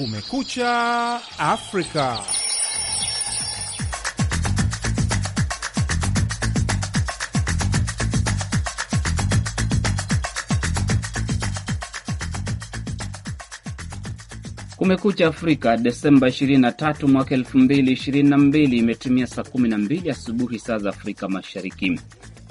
Kumekucha Afrika. Kumekucha Afrika, Desemba 23 mwaka 2022, imetumia saa 12 asubuhi saa za Afrika Mashariki.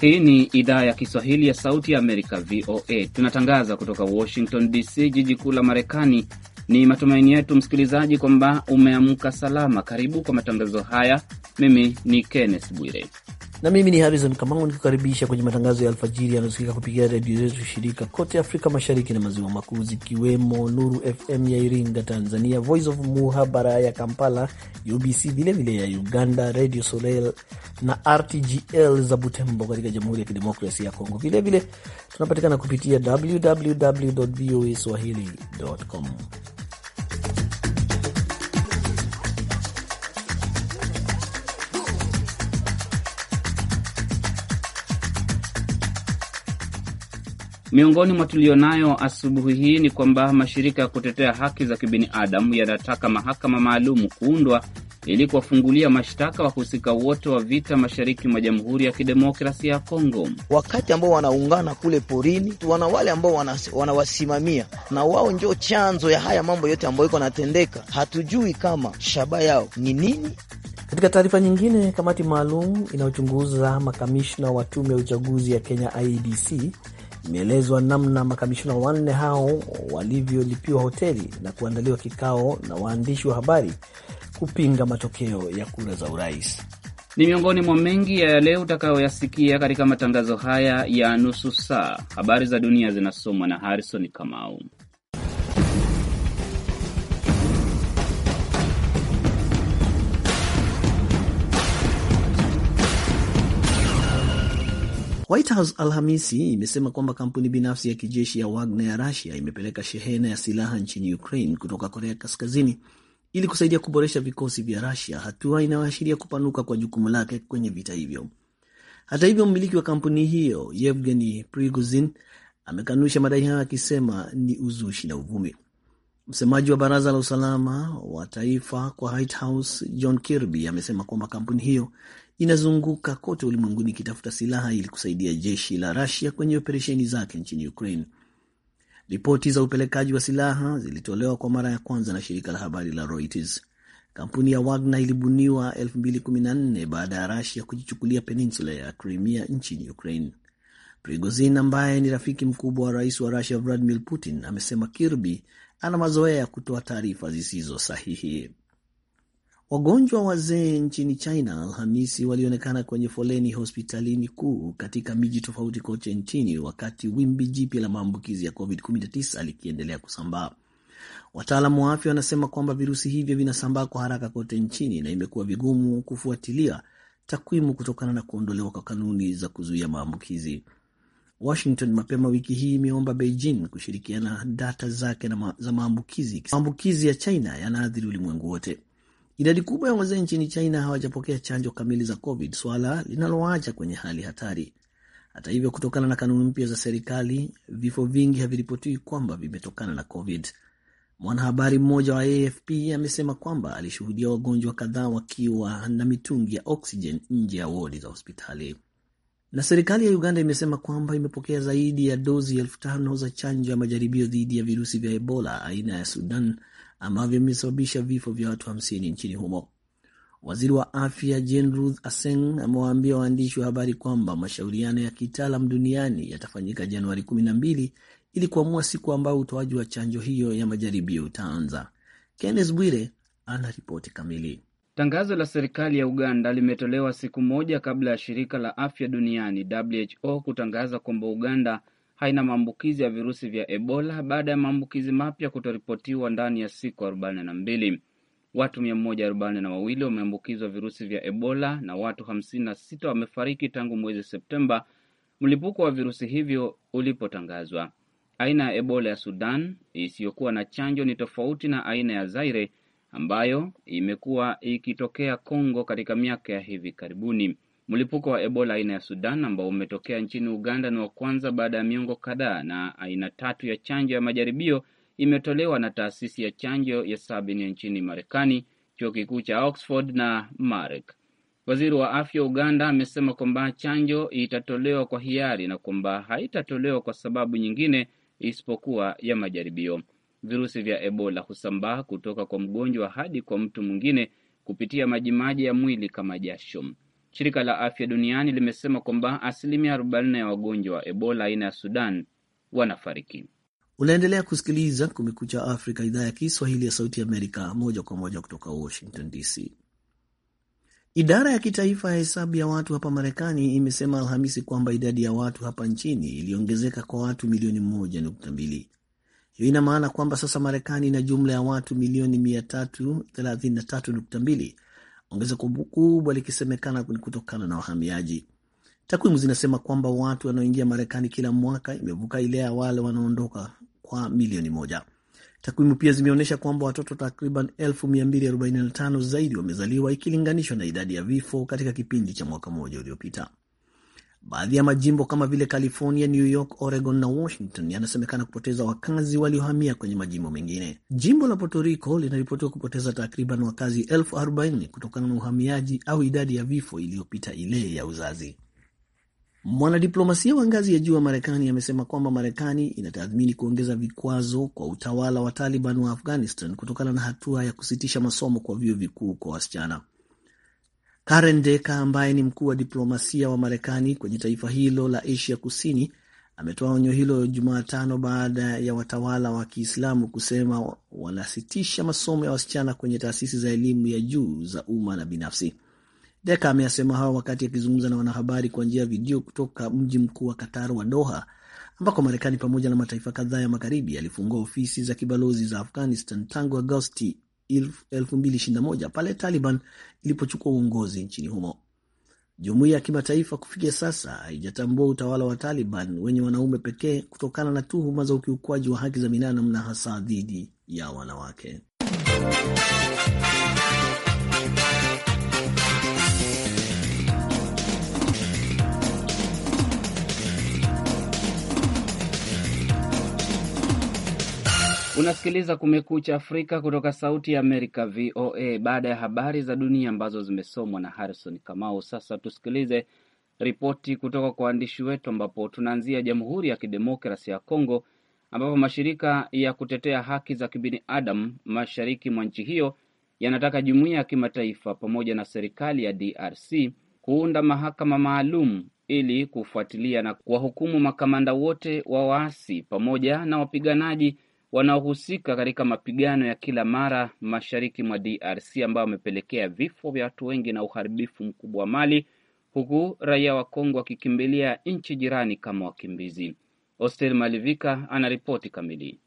Hii ni idhaa ya Kiswahili ya Sauti ya Amerika, VOA. Tunatangaza kutoka Washington DC, jiji kuu la Marekani. Ni matumaini yetu msikilizaji kwamba umeamka salama. Karibu kwa matangazo haya. Mimi ni Kenneth Bwire na mimi ni Harrison Kamau nikukaribisha kwenye matangazo ya alfajiri yanayosikika kupitia redio zetu shirika kote Afrika Mashariki na Maziwa Makuu, zikiwemo Nuru FM ya Iringa Tanzania, Voice of Muhabara ya Kampala, UBC vilevile ya Uganda, Radio Soleil na RTGL za Butembo katika Jamhuri ya Kidemokrasia ya Kongo. Vilevile tunapatikana kupitia www voa swahili com Miongoni mwa tulionayo asubuhi hii ni kwamba mashirika ya kutetea haki za kibinadamu yanataka mahakama maalum kuundwa ili kuwafungulia mashtaka wahusika wote wa vita mashariki mwa Jamhuri ya Kidemokrasia ya Kongo. Wakati ambao wanaungana kule porini, wana wale ambao wanawasimamia, na wao ndio chanzo ya haya mambo yote ambayo iko natendeka. Hatujui kama shaba yao ni nini. Katika taarifa nyingine, kamati maalum inayochunguza makamishna wa tume ya uchaguzi ya Kenya IEBC Imeelezwa namna makamishina wanne hao walivyolipiwa hoteli na kuandaliwa kikao na waandishi wa habari kupinga matokeo ya kura za urais. Ni miongoni mwa mengi ya yale utakayoyasikia katika matangazo haya ya nusu saa. Habari za dunia zinasomwa na Harrison Kamau. White House Alhamisi imesema kwamba kampuni binafsi ya kijeshi ya Wagner ya Russia imepeleka shehena ya silaha nchini Ukraine kutoka Korea Kaskazini ili kusaidia kuboresha vikosi vya Russia, hatua inayoashiria kupanuka kwa jukumu lake kwenye vita hivyo. Hata hivyo, mmiliki wa kampuni hiyo Yevgeny Prigozhin amekanusha madai hayo akisema ni uzushi na uvumi. Msemaji wa baraza la usalama wa taifa kwa White House John Kirby amesema kwamba kampuni hiyo inazunguka kote ulimwenguni ikitafuta silaha ili kusaidia jeshi la rasia kwenye operesheni zake nchini Ukraine. Ripoti za upelekaji wa silaha zilitolewa kwa mara ya kwanza na shirika la habari la Reuters. Kampuni ya Wagner ilibuniwa 2014 baada ya rasia kujichukulia peninsula ya Crimea nchini Ukraine. Prigozhin ambaye ni rafiki mkubwa wa rais wa Rusia Vladimir Putin amesema Kirby ana mazoea ya kutoa taarifa zisizo sahihi. Wagonjwa wazee nchini China Alhamisi walionekana kwenye foleni hospitalini kuu katika miji tofauti kote nchini wakati wimbi jipya la maambukizi ya COVID-19 likiendelea kusambaa. Wataalamu wa afya wanasema kwamba virusi hivyo vinasambaa kwa haraka kote nchini na imekuwa vigumu kufuatilia takwimu kutokana na kuondolewa kwa kanuni za kuzuia maambukizi. Washington mapema wiki hii imeomba Beijing kushirikiana data zake na ma za maambukizi. Maambukizi ya China yanaathiri ulimwengu wote. Idadi kubwa ya wazee nchini China hawajapokea chanjo kamili za COVID, swala linalowaacha kwenye hali hatari. Hata hivyo, kutokana na kanuni mpya za serikali, vifo vingi haviripotiwi kwamba vimetokana na COVID. Mwanahabari mmoja wa AFP amesema kwamba alishuhudia wagonjwa kadhaa wakiwa na mitungi ya oksijen nje ya wodi za hospitali. Na serikali ya Uganda imesema kwamba imepokea zaidi ya dozi elfu tano za chanjo ya majaribio dhidi ya virusi vya Ebola aina ya Sudan ambavyo vimesababisha vifo vya watu hamsini nchini humo. Waziri wa afya Jane Ruth Aseng amewaambia waandishi wa habari kwamba mashauriano ya kitaalam duniani yatafanyika Januari kumi na mbili ili kuamua siku ambayo utoaji wa chanjo hiyo ya majaribio utaanza. Kenneth Bwire ana ripoti kamili. Tangazo la serikali ya Uganda limetolewa siku moja kabla ya shirika la afya duniani WHO kutangaza kwamba Uganda haina maambukizi ya virusi vya Ebola baada ya maambukizi mapya kutoripotiwa ndani ya siku 42. Watu mia wawili wameambukizwa virusi vya Ebola na watu 56 wamefariki tangu mwezi Septemba mlipuko wa virusi hivyo ulipotangazwa. Aina ya Ebola ya Sudan isiyokuwa na chanjo ni tofauti na aina ya Zaire ambayo imekuwa ikitokea Kongo katika miaka ya hivi karibuni. Mlipuko wa Ebola aina ya Sudan ambao umetokea nchini Uganda ni wa kwanza baada ya miongo kadhaa, na aina tatu ya chanjo ya majaribio imetolewa na taasisi ya chanjo ya Sabin nchini Marekani, chuo kikuu cha Oxford na Marek. Waziri wa afya Uganda amesema kwamba chanjo itatolewa kwa hiari na kwamba haitatolewa kwa sababu nyingine isipokuwa ya majaribio. Virusi vya Ebola husambaa kutoka kwa mgonjwa hadi kwa mtu mwingine kupitia majimaji ya mwili kama jasho. Shirika la Afya Duniani limesema kwamba asilimia 40 ya wagonjwa wa Ebola aina ya Sudan wanafariki. Unaendelea kusikiliza Kumekucha Afrika, idhaa ya Kiswahili ya Sauti Amerika, moja kwa moja kutoka Washington DC. Idara ya kitaifa ya hesabu ya watu hapa Marekani imesema Alhamisi kwamba idadi ya watu hapa nchini iliongezeka kwa watu milioni moja nukta mbili. Hiyo ina maana kwamba sasa Marekani ina jumla ya watu milioni 333.2 ongezeko kubwa likisemekana ni kutokana na wahamiaji. Takwimu zinasema kwamba watu wanaoingia Marekani kila mwaka imevuka ile ya wale wanaondoka kwa milioni moja. Takwimu pia zimeonyesha kwamba watoto takriban 245 zaidi wamezaliwa ikilinganishwa na idadi ya vifo katika kipindi cha mwaka mmoja uliopita. Baadhi ya majimbo kama vile California, New York, Oregon na Washington yanasemekana kupoteza wakazi waliohamia kwenye majimbo mengine. Jimbo la Puerto Rico linaripotiwa kupoteza takriban wakazi elfu arobaini kutokana na uhamiaji au idadi ya vifo iliyopita ile ya uzazi. Mwanadiplomasia wa ngazi ya juu wa Marekani amesema kwamba Marekani inatathmini kuongeza vikwazo kwa utawala wa Taliban wa Afghanistan kutokana na hatua ya kusitisha masomo kwa vyuo vikuu kwa wasichana. Karen Decker ambaye ni mkuu wa diplomasia wa Marekani kwenye taifa hilo la Asia Kusini ametoa onyo hilo Jumatano baada ya watawala wa Kiislamu kusema wanasitisha masomo ya wasichana kwenye taasisi za elimu ya juu za umma na binafsi. Deka ameyasema hayo wakati akizungumza na wanahabari kwa njia ya video kutoka mji mkuu wa Qatar wa Doha, ambako Marekani pamoja na mataifa kadhaa ya magharibi yalifungua ofisi za kibalozi za Afghanistan tangu Agosti 2021 pale Taliban ilipochukua uongozi nchini humo. Jumuiya ya kimataifa kufikia sasa haijatambua utawala wa Taliban wenye wanaume pekee kutokana na tuhuma za ukiukwaji wa haki za binadamu na hasa dhidi ya wanawake. Unasikiliza Kumekucha Afrika kutoka Sauti ya Amerika, VOA. Baada ya habari za dunia ambazo zimesomwa na Harrison Kamau, sasa tusikilize ripoti kutoka kwa waandishi wetu, ambapo tunaanzia Jamhuri ya Kidemokrasi ya Kongo, ambapo mashirika ya kutetea haki za kibinadamu mashariki mwa nchi hiyo yanataka jumuiya ya kimataifa pamoja na serikali ya DRC kuunda mahakama maalum ili kufuatilia na kuwahukumu makamanda wote wa waasi pamoja na wapiganaji wanaohusika katika mapigano ya kila mara mashariki mwa DRC ambayo wamepelekea vifo vya watu wengi na uharibifu mkubwa wa mali, huku raia wa Kongo wakikimbilia nchi jirani kama wakimbizi. Ostel Malivika anaripoti kamili.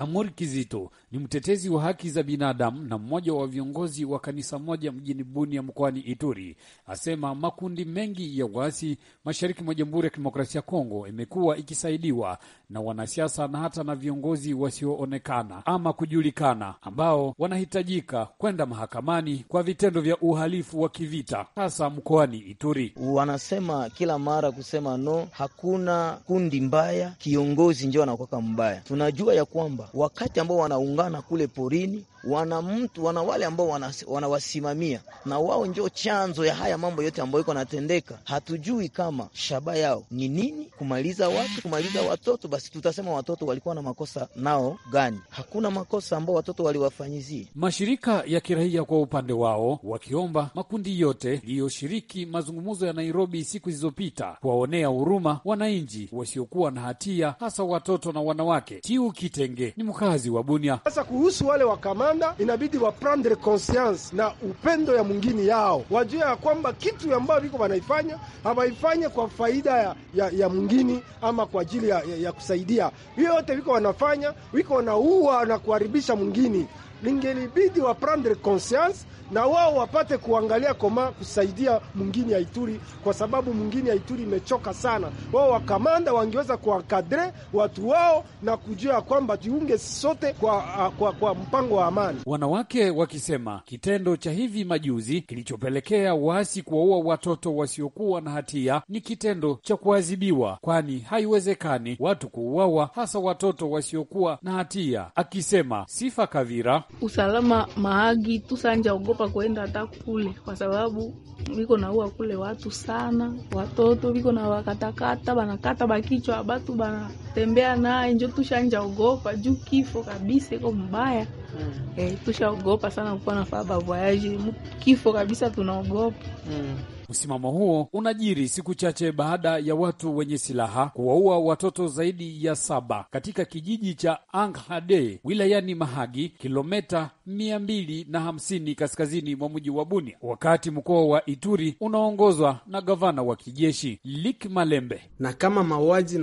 Amuri Kizito ni mtetezi wa haki za binadamu na mmoja wa viongozi wa kanisa moja mjini Bunia mkoani Ituri, asema makundi mengi ya waasi mashariki mwa Jamhuri ya Kidemokrasia ya Kongo imekuwa ikisaidiwa na wanasiasa na hata na viongozi wasioonekana ama kujulikana ambao wanahitajika kwenda mahakamani kwa vitendo vya uhalifu wa kivita hasa mkoani Ituri. Wanasema kila mara kusema no, hakuna kundi mbaya, kiongozi ndio anakuwaka mbaya. Tunajua ya kwamba wakati ambao wanaungana kule porini wana mtu wana wale ambao wanawasimamia wana na wao njo chanzo ya haya mambo yote ambayo iko natendeka. Hatujui kama shaba yao ni nini, kumaliza watu, kumaliza watoto. Basi tutasema watoto walikuwa na makosa nao gani? Hakuna makosa ambao watoto waliwafanyizie. Mashirika ya kiraia kwa upande wao wakiomba makundi yote yaliyoshiriki mazungumzo ya Nairobi siku zilizopita kuwaonea huruma wananchi wasiokuwa na hatia, hasa watoto na wanawake. Tiu Kitenge ni mkazi wa Bunia. Sasa kuhusu wale wakama Rwanda inabidi prendre conscience na upendo ya mwingine yao, wajua ya kwamba kitu ambayo viko wanaifanya hawaifanye kwa faida ya, ya, ya mwingine ama kwa ajili ya, ya, ya kusaidia. Hiyo yote viko wanafanya, viko wanaua na kuharibisha mwingine, lingelibidi prendre conscience na wao wapate kuangalia koma kusaidia mwingine ya Ituri, kwa sababu mwingine ya Ituri imechoka sana. Wao wakamanda wangeweza kuwakadre watu wao na kujua kwamba jiunge sote kwa, kwa, kwa, kwa mpango wa amani. Wanawake wakisema kitendo cha hivi majuzi kilichopelekea waasi kuwaua watoto wasiokuwa na hatia ni kitendo cha kuadhibiwa, kwani haiwezekani watu kuuawa, hasa watoto wasiokuwa na hatia, akisema Sifa Kavira. Usalama maagi tusanja ogopa kwa kuenda hata kule, kwa sababu viko naua kule watu sana, watoto viko na wakatakata, banakata bakichwa batu banatembea naye, njo tushanjaogopa juu kifo kabisa iko mbaya. Mm. Eh, tushaogopa sana kukuwa na bavoyaji, kifo kabisa tunaogopa. Mm. Msimamo huo unajiri siku chache baada ya watu wenye silaha kuwaua watoto zaidi ya saba katika kijiji cha Anghade wilayani Mahagi, kilometa mia mbili na hamsini kaskazini mwa mji wa Bunia, wakati mkoa wa Ituri unaongozwa na gavana wa kijeshi Lik Malembe. Na kama mauaji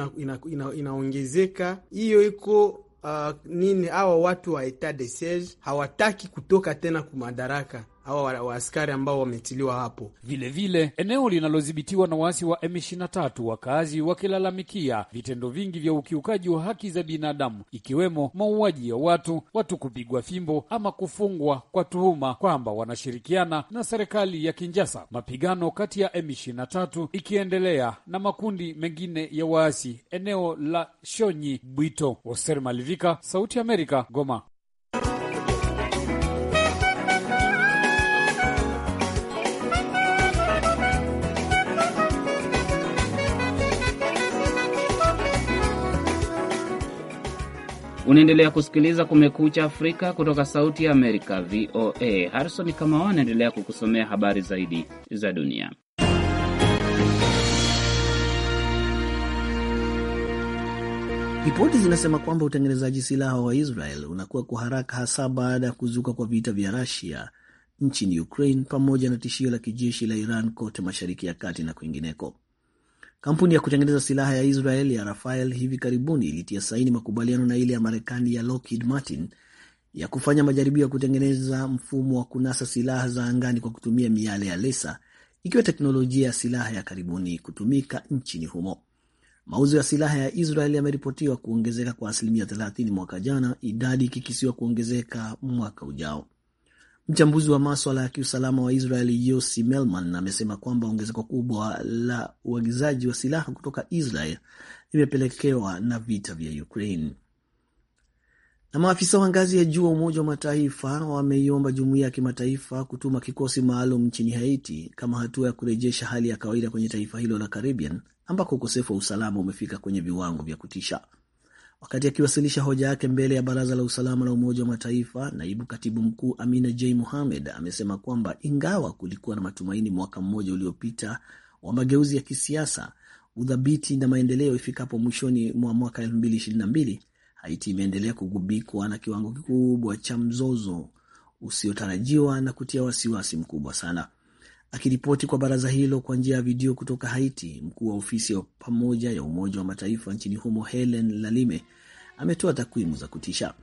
inaongezeka, hiyo iko uh, nini, hawa watu wa etat de siege hawataki kutoka tena kumadaraka au askari ambao wametiliwa hapo. Vilevile vile, eneo linalodhibitiwa na waasi wa M23, wakazi wakilalamikia vitendo vingi vya ukiukaji wa haki za binadamu ikiwemo mauaji ya watu, watu kupigwa fimbo ama kufungwa kwa tuhuma kwamba wanashirikiana na serikali ya Kinjasa. Mapigano kati ya M23 ikiendelea na makundi mengine ya waasi eneo la Shonyi Bwito. Oser Malivika, Sauti Amerika, Goma. Unaendelea kusikiliza Kumekucha Afrika kutoka Sauti ya Amerika, VOA. Harison Kamau anaendelea kukusomea habari zaidi za dunia. Ripoti zinasema kwamba utengenezaji silaha wa Israel unakuwa kwa haraka, hasa baada ya kuzuka kwa vita vya Rusia nchini Ukraine pamoja na tishio la kijeshi la Iran kote Mashariki ya Kati na kwingineko. Kampuni ya kutengeneza silaha ya Israel ya Rafael hivi karibuni ilitia saini makubaliano na ile ya Marekani ya Lockheed Martin ya kufanya majaribio ya kutengeneza mfumo wa kunasa silaha za angani kwa kutumia miale ya lesa, ikiwa teknolojia ya silaha ya karibuni kutumika nchini humo. Mauzo ya silaha ya Israel yameripotiwa kuongezeka kwa asilimia 30 mwaka jana, idadi ikikisiwa kuongezeka mwaka ujao. Mchambuzi wa maswala ya kiusalama wa Israel Yossi Melman amesema kwamba ongezeko kubwa la uagizaji wa silaha kutoka Israel limepelekewa na vita vya Ukraine. Na maafisa wa ngazi ya juu wa Umoja wa Mataifa wameiomba jumuiya ya kimataifa kutuma kikosi maalum nchini Haiti kama hatua ya kurejesha hali ya kawaida kwenye taifa hilo la Caribbean ambako ukosefu wa usalama umefika kwenye viwango vya kutisha. Wakati akiwasilisha hoja yake mbele ya Baraza la Usalama la Umoja wa Mataifa, naibu katibu mkuu Amina J Mohamed amesema kwamba ingawa kulikuwa na matumaini mwaka mmoja uliopita wa mageuzi ya kisiasa, udhabiti na maendeleo ifikapo mwishoni mwa mwaka 2022, Haiti imeendelea kugubikwa na kiwango kikubwa cha mzozo usiotarajiwa na kutia wasiwasi mkubwa sana. Akiripoti kwa baraza hilo kwa njia ya video kutoka Haiti, mkuu wa ofisi ya pamoja ya Umoja wa Mataifa nchini humo Helen Lalime ametoa takwimu za kutisha.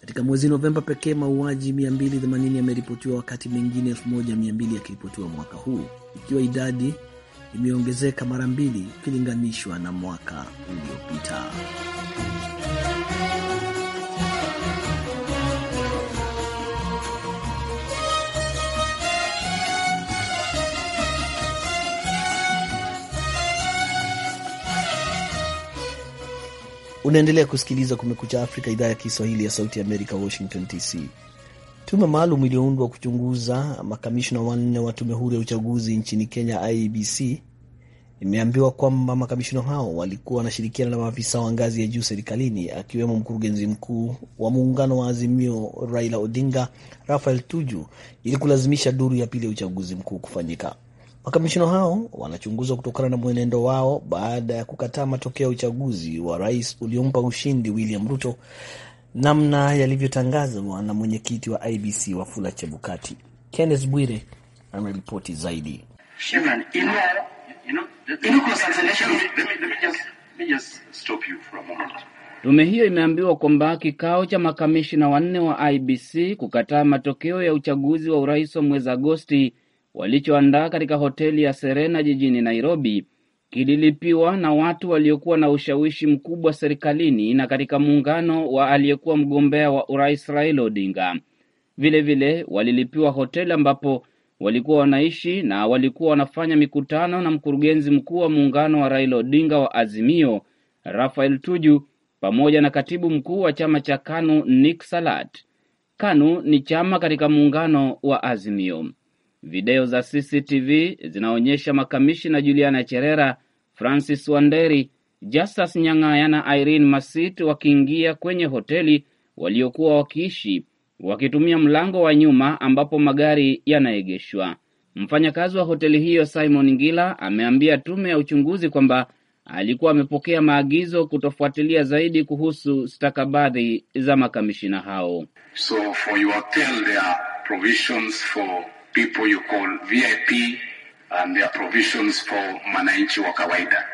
Katika mwezi Novemba pekee mauaji 280 yameripotiwa wakati mengine 1200 yakiripotiwa mwaka huu, ikiwa idadi imeongezeka mara mbili ukilinganishwa na mwaka uliopita. Unaendelea kusikiliza Kumekucha Afrika, idhaa ya Kiswahili ya Sauti ya Amerika, Washington DC. Tume maalum iliyoundwa kuchunguza makamishna wanne wa tume huru ya uchaguzi nchini Kenya, IEBC, imeambiwa kwamba makamishina hao walikuwa wanashirikiana na maafisa wa ngazi ya juu serikalini, akiwemo mkurugenzi mkuu wa muungano wa Azimio Raila Odinga, Rafael Tuju, ili kulazimisha duru ya pili ya uchaguzi mkuu kufanyika. Makamishina hao wanachunguzwa kutokana na mwenendo wao baada ya kukataa matokeo ya uchaguzi wa rais uliompa ushindi William Ruto, namna yalivyotangazwa na mwenyekiti wa IBC Wafula Chebukati. Kenneth Bwire ameripoti zaidi. Tume hiyo imeambiwa kwamba kikao cha makamishina wanne wa IBC kukataa matokeo ya uchaguzi wa urais wa mwezi Agosti walichoandaa katika hoteli ya Serena jijini Nairobi kililipiwa na watu waliokuwa na ushawishi mkubwa serikalini na katika muungano wa aliyekuwa mgombea wa urais Raila Odinga. Vilevile vile, walilipiwa hoteli ambapo walikuwa wanaishi na walikuwa wanafanya mikutano na mkurugenzi mkuu wa muungano wa Raila Odinga wa Azimio Rafael Tuju pamoja na katibu mkuu wa chama cha KANU Nick Salat. KANU ni chama katika muungano wa Azimio. Video za CCTV zinaonyesha makamishina Juliana Cherera, Francis Wanderi, Justus Nyang'aya na Irene Masit wakiingia kwenye hoteli waliokuwa wakiishi wakitumia mlango wa nyuma ambapo magari yanaegeshwa. Mfanyakazi wa hoteli hiyo Simon Ngila ameambia tume ya uchunguzi kwamba alikuwa amepokea maagizo kutofuatilia zaidi kuhusu stakabadhi za makamishina hao. So for your hotel, there are provisions for people you call VIP and their provisions for mwananchi wa kawaida.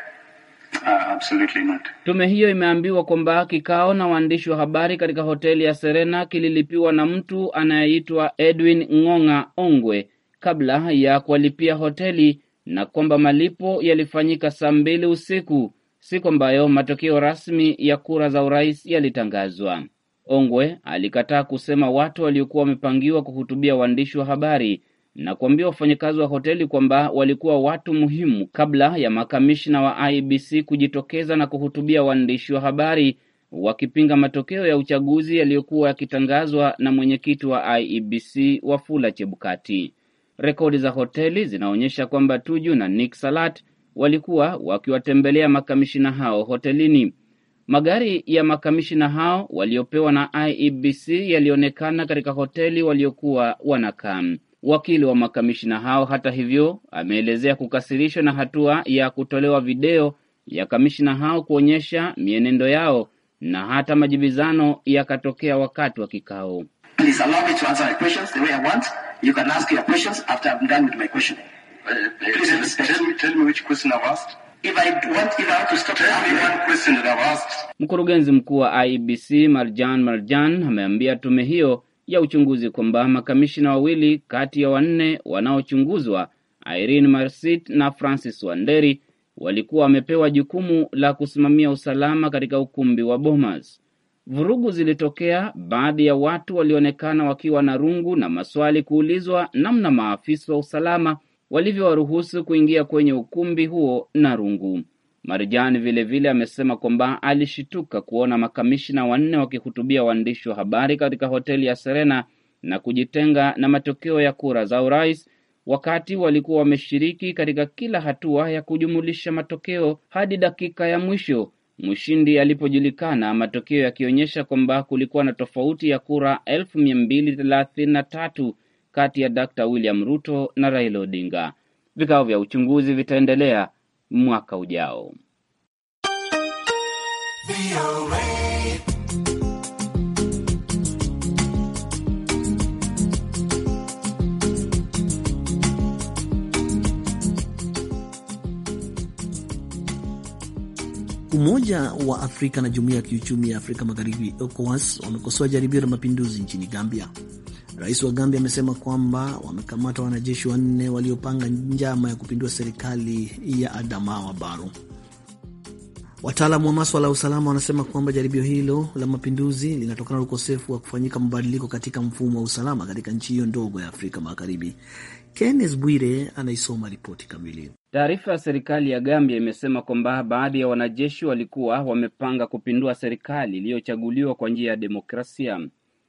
Uh, absolutely not. Tume hiyo imeambiwa kwamba kikao na waandishi wa habari katika hoteli ya Serena kililipiwa na mtu anayeitwa Edwin Ng'ong'a Ongwe kabla ya kuwalipia hoteli na kwamba malipo yalifanyika saa mbili usiku, siku ambayo matokeo rasmi ya kura za urais yalitangazwa. Ongwe alikataa kusema watu waliokuwa wamepangiwa kuhutubia waandishi wa habari na kuambia wafanyakazi wa hoteli kwamba walikuwa watu muhimu kabla ya makamishna wa IBC kujitokeza na kuhutubia waandishi wa habari wakipinga matokeo ya uchaguzi yaliyokuwa yakitangazwa na mwenyekiti wa IEBC Wafula Chebukati. Rekodi za hoteli zinaonyesha kwamba Tuju na Nick Salat walikuwa wakiwatembelea makamishina hao hotelini. Magari ya makamishina hao waliopewa na IEBC yalionekana katika hoteli waliokuwa wanakaa. Wakili wa makamishina hao, hata hivyo, ameelezea kukasirishwa na hatua ya kutolewa video ya kamishina hao kuonyesha mienendo yao na hata majibizano yakatokea wakati wa kikao. Mkurugenzi mkuu wa ibc Marjan Marjan ameambia tume hiyo ya uchunguzi kwamba makamishina wawili kati ya wanne wanaochunguzwa Irene Marsit na Francis Wanderi walikuwa wamepewa jukumu la kusimamia usalama katika ukumbi wa Bomas. Vurugu zilitokea, baadhi ya watu walionekana wakiwa na rungu na maswali kuulizwa namna maafisa wa usalama walivyowaruhusu kuingia kwenye ukumbi huo na rungu. Marjan vilevile amesema kwamba alishituka kuona makamishina wanne wakihutubia waandishi wa habari katika hoteli ya Serena na kujitenga na matokeo ya kura za urais, wakati walikuwa wameshiriki katika kila hatua ya kujumulisha matokeo hadi dakika ya mwisho mshindi alipojulikana, matokeo yakionyesha kwamba kulikuwa na tofauti ya kura elfu mia mbili thelathini na tatu kati ya Dkt. William Ruto na Raila Odinga. Vikao vya uchunguzi vitaendelea mwaka ujao. Umoja wa Afrika na Jumuiya ya Kiuchumi ya Afrika Magharibi ECOWAS wamekosoa jaribio la mapinduzi nchini Gambia. Rais wa Gambia amesema kwamba wamekamata wanajeshi wanne waliopanga njama ya kupindua serikali ya Adamawa baru Wataalamu wa maswala ya usalama wanasema kwamba jaribio hilo la mapinduzi linatokana na ukosefu wa kufanyika mabadiliko katika mfumo wa usalama katika nchi hiyo ndogo ya Afrika Magharibi. Kenneth Bwire anaisoma ripoti kamili. Taarifa ya serikali ya Gambia imesema kwamba baadhi ya wanajeshi walikuwa wamepanga kupindua serikali iliyochaguliwa kwa njia ya demokrasia.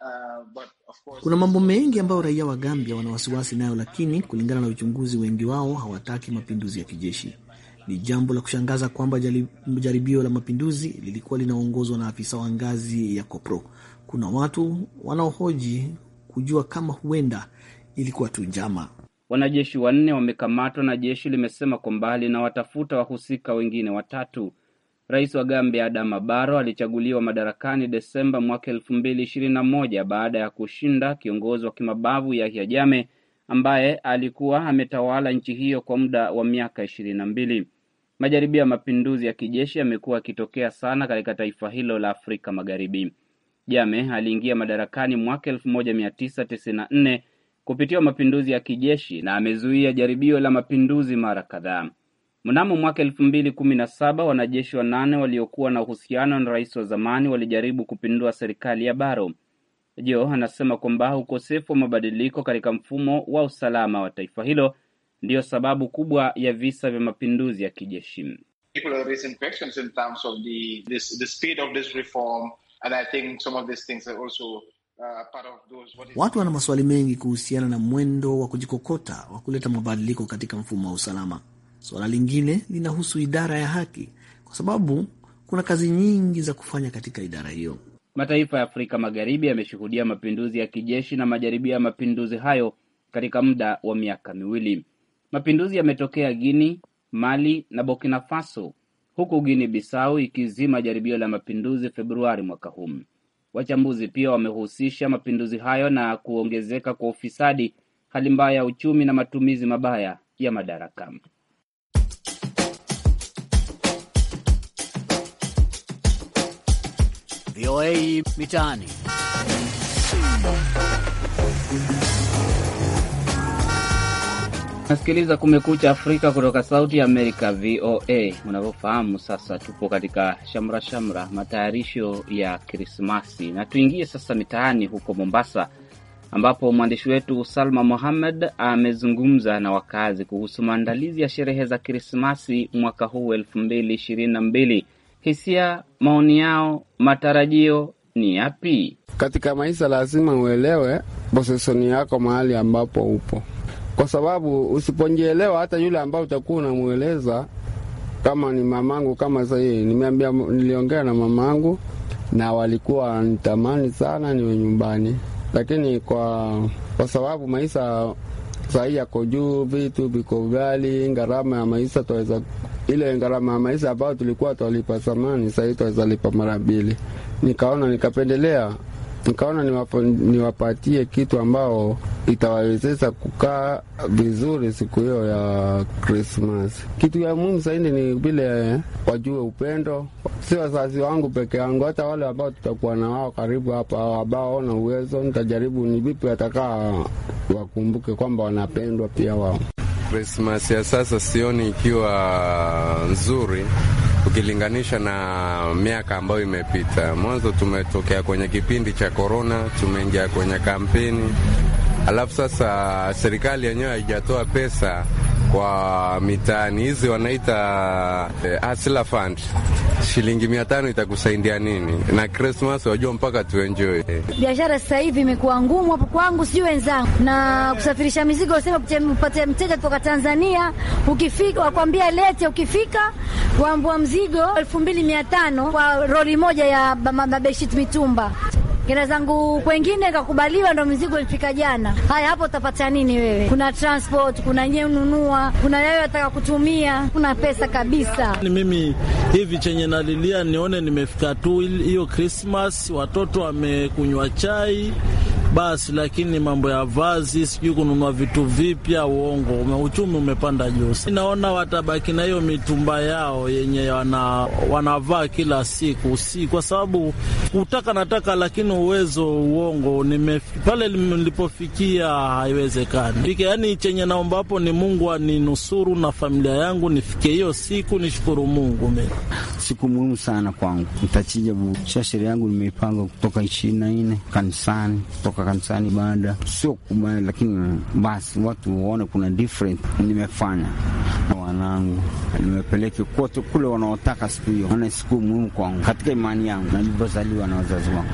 Uh, Kuna mambo mengi ambayo uh, raia wa Gambia wana wasiwasi nayo, lakini kulingana na uchunguzi, wengi wao hawataki mapinduzi ya kijeshi. Ni jambo la kushangaza kwamba jaribio la mapinduzi lilikuwa linaongozwa na afisa wa ngazi ya kopro. Kuna watu wanaohoji kujua kama huenda ilikuwa tu njama. Wanajeshi wanne wamekamatwa na jeshi limesema kwamba linawatafuta wahusika wengine watatu. Rais wa Gambia Adama Barrow alichaguliwa madarakani Desemba mwaka elfu mbili ishirini na moja baada ya kushinda kiongozi wa kimabavu Yahya Jame ambaye alikuwa ametawala nchi hiyo kwa muda wa miaka ishirini na mbili. Majaribio ya mapinduzi ya kijeshi yamekuwa yakitokea sana katika taifa hilo la Afrika Magharibi. jame aliingia madarakani mwaka nne kupitia mapinduzi ya kijeshi na amezuia jaribio la mapinduzi mara kadhaa. Mnamo mwaka elfu mbili kumi na saba wanajeshi wanane waliokuwa na uhusiano na rais wa zamani walijaribu kupindua serikali ya baro Jo anasema kwamba ukosefu wa mabadiliko katika mfumo wa usalama wa taifa hilo ndiyo sababu kubwa ya visa vya mapinduzi ya kijeshi. Uh, Watu wana maswali mengi kuhusiana na mwendo wa kujikokota wa kuleta mabadiliko katika mfumo wa usalama. Suala lingine linahusu idara ya haki, kwa sababu kuna kazi nyingi za kufanya katika idara hiyo. Mataifa ya Afrika Magharibi yameshuhudia mapinduzi ya kijeshi na majaribio ya mapinduzi hayo katika muda wa miaka miwili. Mapinduzi yametokea Guini, Mali na Burkina Faso, huku Guini Bisau ikizima jaribio la mapinduzi Februari mwaka huu. Wachambuzi pia wamehusisha mapinduzi hayo na kuongezeka kwa ufisadi, hali mbaya ya uchumi na matumizi mabaya ya madaraka. VOA Mitaani. Nasikiliza Kumekucha Afrika kutoka Sauti ya Amerika, VOA. Unavyofahamu sasa, tupo katika shamra shamra, matayarisho ya Krismasi, na tuingie sasa mitaani huko Mombasa, ambapo mwandishi wetu Salma Mohamed amezungumza na wakazi kuhusu maandalizi ya sherehe za Krismasi mwaka huu elfu mbili ishirini na mbili hisia, maoni yao, matarajio ni yapi? Katika maisha lazima uelewe posesoni yako mahali ambapo upo, kwa sababu usiponjielewa hata yule ambao utakuwa unamweleza kama ni mamangu, kama sahii nimeambia, niliongea na mamangu na walikuwa wanitamani sana niwe nyumbani, lakini kwa kwa sababu maisha sahii yako juu, vitu viko ghali, gharama ya maisha tunaweza ile gharama ya maisha ambayo tulikuwa twalipa zamani, sahii twawezalipa mara mbili. Nikaona nikapendelea nikaona niwapatie kitu ambao itawawezesha kukaa vizuri siku hiyo ya krismas Kitu ya muhimu zaidi ni vile wajue upendo, si wazazi wangu peke yangu, hata wale ambao tutakuwa na wao karibu hapa, ambao wana uwezo, nitajaribu ni vipi watakaa wakumbuke kwamba wanapendwa pia wao. Krismas ya sasa sioni ikiwa nzuri ukilinganisha na miaka ambayo imepita. Mwanzo tumetokea kwenye kipindi cha korona, tumeingia kwenye kampeni, alafu sasa serikali yenyewe haijatoa pesa kwa mitaani hizi wanaita eh, asila fund. Shilingi mia tano itakusaidia nini? Na Krismas wajua mpaka tuenjoy. Biashara sasa hivi imekuwa ngumu hapo kwangu, sijui wenzangu, na kusafirisha mizigo, sema upate mteja kutoka Tanzania, ukifika wakwambia lete, ukifika wambua mzigo elfu mbili mia tano kwa roli moja ya mabeshit mitumba kina zangu kwengine kakubaliwa, ndo mizigo ilifika jana. Haya, hapo utapata nini wewe? Kuna transport, kuna nye ununua, kuna yayo ataka kutumia, kuna pesa kabisa. Ni mimi hivi chenye nalilia nione nimefika tu hiyo Krismas, watoto wamekunywa chai basi, lakini mambo ya vazi sijui kununua vitu vipya, uongo uchumi umepanda juu. Naona watabaki na hiyo mitumba yao yenye wana, wanavaa kila siku, si kwa sababu utaka nataka, lakini uwezo uongo nime, pale nilipofikia haiwezekani. Yaani chenye naomba hapo ni Mungu aninusuru na familia yangu nifike hiyo siku, nishukuru Mungu mimi siku muhimu sana kwangu, nitachija busha sherehe yangu nimeipanga kutoka ishirini na nne kanisani, kutoka kanisani baada sio kubaya, lakini basi watu waone kuna different nimefanya wanangu, nimepeleki kote kule wanaotaka siku hiyo, maana siku muhimu kwangu katika imani yangu nilivyozaliwa na wazazi wangu.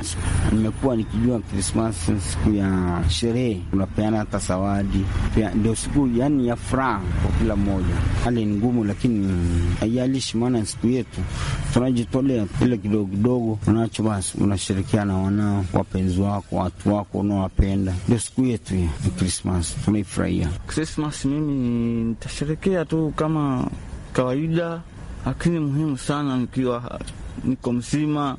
Nimekuwa nikijua Krismas siku ya sherehe, unapeana hata zawadi pia, ndio siku yani ya furaha kwa kila mmoja. Hali ni ngumu, lakini haijalishi, maana siku yetu tunajitolea kile kidogo kidogo unacho, basi unashirikiana wanao, wapenzi wako, watu wako unaowapenda. Ndio siku yetu ya Krismas, tunaifurahia Krismas. Mimi nitasherekea tu kama kama kawaida, lakini muhimu sana nikiwa niko mzima,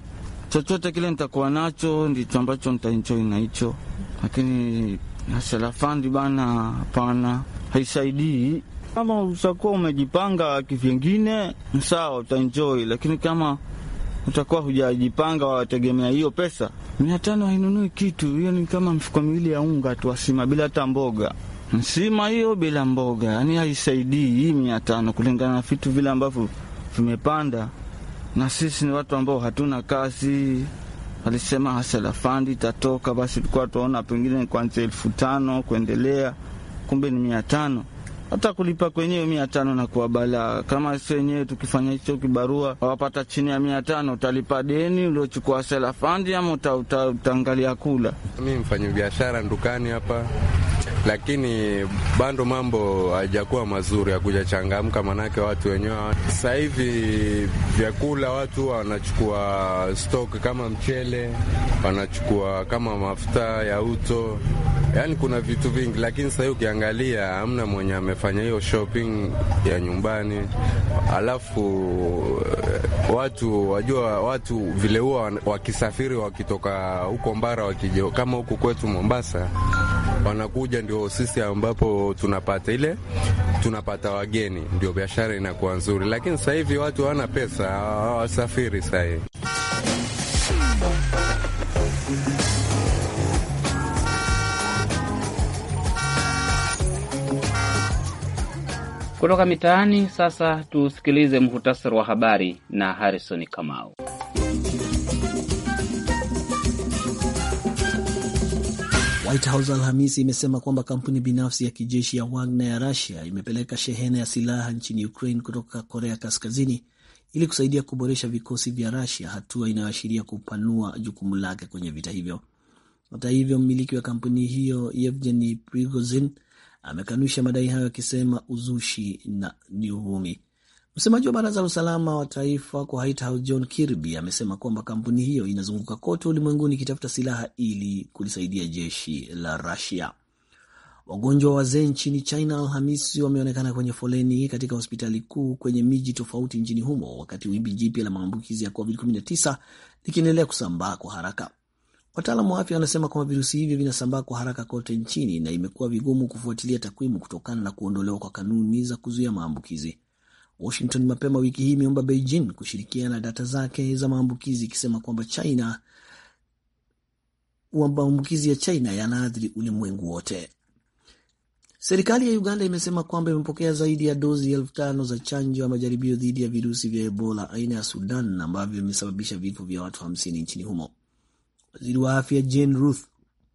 chochote kile nitakuwa nacho ndicho ambacho nitaenjoy na hicho, lakini aselafandi bana, hapana, haisaidii kama utakuwa umejipanga kivyengine sawa, utaenjoy, lakini kama utakuwa hujajipanga, wategemea hiyo pesa. Mia tano hainunui kitu, hiyo ni kama mfuko miwili ya unga tu, bila hata mboga. Nsima hiyo bila mboga, yani haisaidii hii mia tano kulingana na vitu vile ambavyo vimepanda, na sisi ni watu ambao hatuna kazi. Walisema hasala fandi itatoka, basi tulikuwa tunaona pengine ni kuanzia elfu tano kuendelea, kumbe ni mia tano hata kulipa kwenyewe mia tano na kuwa balaa. Kama si wenyewe tukifanya hicho kibarua, wapata chini ya mia tano utalipa deni uliochukua selafandi ama utaangalia uta, uta, kula. Mi mfanyi biashara ndukani hapa lakini bado mambo hajakuwa mazuri, hakujachangamka, manake watu wenyewe sasa hivi vyakula watu wanachukua stok kama mchele, wanachukua kama mafuta ya uto Yaani kuna vitu vingi, lakini sasa ukiangalia hamna mwenye amefanya hiyo shopping ya nyumbani. Alafu eh, watu wajua, watu vile huwa wakisafiri wakitoka huko Mbara, wakija kama huku kwetu Mombasa wanakuja, ndio sisi ambapo tunapata ile tunapata wageni, ndio biashara inakuwa nzuri, lakini sasa hivi watu hawana pesa, hawasafiri sasa hivi. Kutoka mitaani sasa, tusikilize muhtasari wa habari na Harrison Kamau. White House Alhamisi imesema kwamba kampuni binafsi ya kijeshi ya Wagner ya Russia imepeleka shehena ya silaha nchini Ukraine kutoka Korea Kaskazini ili kusaidia kuboresha vikosi vya Russia, hatua inayoashiria kupanua jukumu lake kwenye vita hivyo. Hata hivyo, mmiliki wa kampuni hiyo Yevgeny Prigozhin amekanusha madai hayo akisema uzushi na ni uvumi. Msemaji wa baraza la usalama wa taifa kwa White House John Kirby amesema kwamba kampuni hiyo inazunguka kote ulimwenguni ikitafuta silaha ili kulisaidia jeshi la Rusia. Wagonjwa wazee nchini China Alhamisi wameonekana kwenye foleni katika hospitali kuu kwenye miji tofauti nchini humo, wakati wimbi jipya la maambukizi ya COVID-19 likiendelea kusambaa kwa haraka. Wataalamu wa afya wanasema kwamba virusi hivyo vinasambaa kwa haraka kote nchini na imekuwa vigumu kufuatilia takwimu kutokana na kuondolewa kwa kanuni za kuzuia maambukizi. Washington mapema wiki hii imeomba Beijing kushirikiana na data zake za maambukizi ikisema kwamba China maambukizi ya China yanaathiri ulimwengu wote. Serikali ya Uganda imesema kwamba imepokea zaidi ya dozi elfu tano za chanjo ya majaribio dhidi ya virusi vya Ebola aina ya Sudan ambavyo vimesababisha vifo vya watu hamsini nchini humo. Waziri wa afya Jane Ruth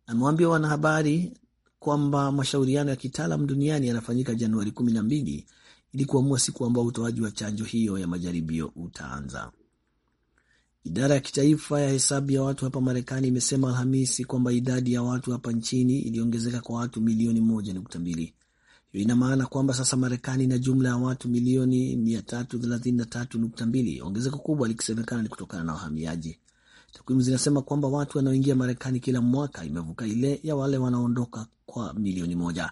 amewaambia wanahabari kwamba mashauriano ya kitaalam duniani yanafanyika Januari kumi na mbili ili kuamua siku ambayo utoaji wa chanjo hiyo ya majaribio utaanza. Idara ya kitaifa ya hesabu ya watu hapa Marekani imesema Alhamisi kwamba idadi ya watu hapa nchini iliongezeka kwa watu milioni moja nukta mbili. Hiyo ina maana kwamba sasa Marekani ina jumla ya watu milioni mia tatu tatu thelathini na nukta mbili, ongezeko kubwa likisemekana ni kutokana na wahamiaji. Takwimu zinasema kwamba watu wanaoingia Marekani kila mwaka imevuka ile ya wale wanaondoka kwa milioni moja.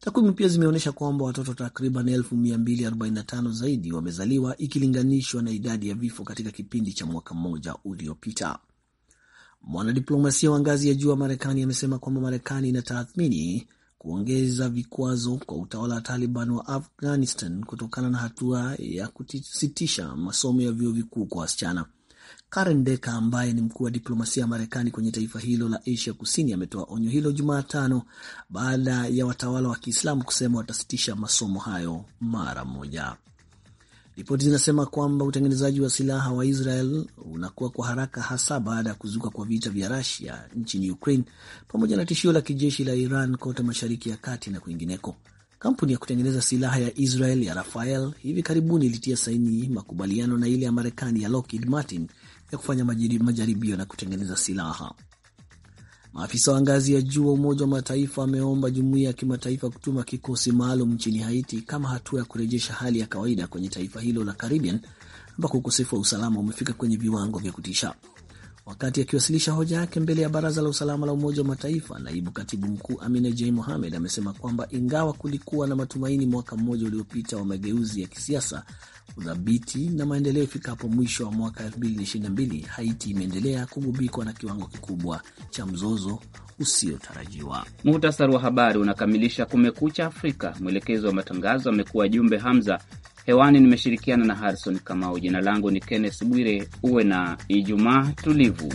Takwimu pia zimeonyesha kwamba watoto takriban 245 zaidi wamezaliwa ikilinganishwa na idadi ya vifo katika kipindi cha mwaka mmoja uliopita. Mwanadiplomasia wa ngazi ya juu wa Marekani amesema kwamba Marekani inatathmini kuongeza vikwazo kwa utawala wa Taliban wa Afghanistan kutokana na hatua ya kusitisha masomo ya vyuo vikuu kwa wasichana. Karen Decker ambaye ni mkuu wa diplomasia ya Marekani kwenye taifa hilo la Asia Kusini ametoa onyo hilo Jumatano baada ya watawala wa Kiislamu kusema watasitisha masomo hayo mara moja. Ripoti zinasema kwamba utengenezaji wa silaha wa Israel unakuwa kwa haraka hasa baada ya kuzuka kwa vita vya Rusia nchini Ukraine pamoja na tishio la kijeshi la Iran kote Mashariki ya Kati na kwingineko. Kampuni ya kutengeneza silaha ya Israel ya Rafael hivi karibuni ilitia saini makubaliano na ile ya Marekani ya Lockheed Martin ya kufanya majaribio na kutengeneza silaha. Maafisa wa ngazi ya juu wa Umoja wa Mataifa wameomba jumuiya ya kimataifa kutuma kikosi maalum nchini Haiti kama hatua ya kurejesha hali ya kawaida kwenye taifa hilo la Caribbean ambako ukosefu wa usalama umefika kwenye viwango vya kutisha. Wakati akiwasilisha hoja yake mbele ya Baraza la Usalama la Umoja wa Mataifa, naibu katibu mkuu Amina J Mohamed amesema kwamba ingawa kulikuwa na matumaini mwaka mmoja uliopita wa mageuzi ya kisiasa, udhabiti na maendeleo ifikapo mwisho wa mwaka 2022, Haiti imeendelea kugubikwa na kiwango kikubwa cha mzozo usiotarajiwa. Muhtasari wa habari unakamilisha Kumekucha Afrika. Mwelekezo wa matangazo amekuwa Jumbe Hamza. Hewani nimeshirikiana na Harrison Kamau. Jina langu ni Kenneth Bwire. Uwe na Ijumaa tulivu.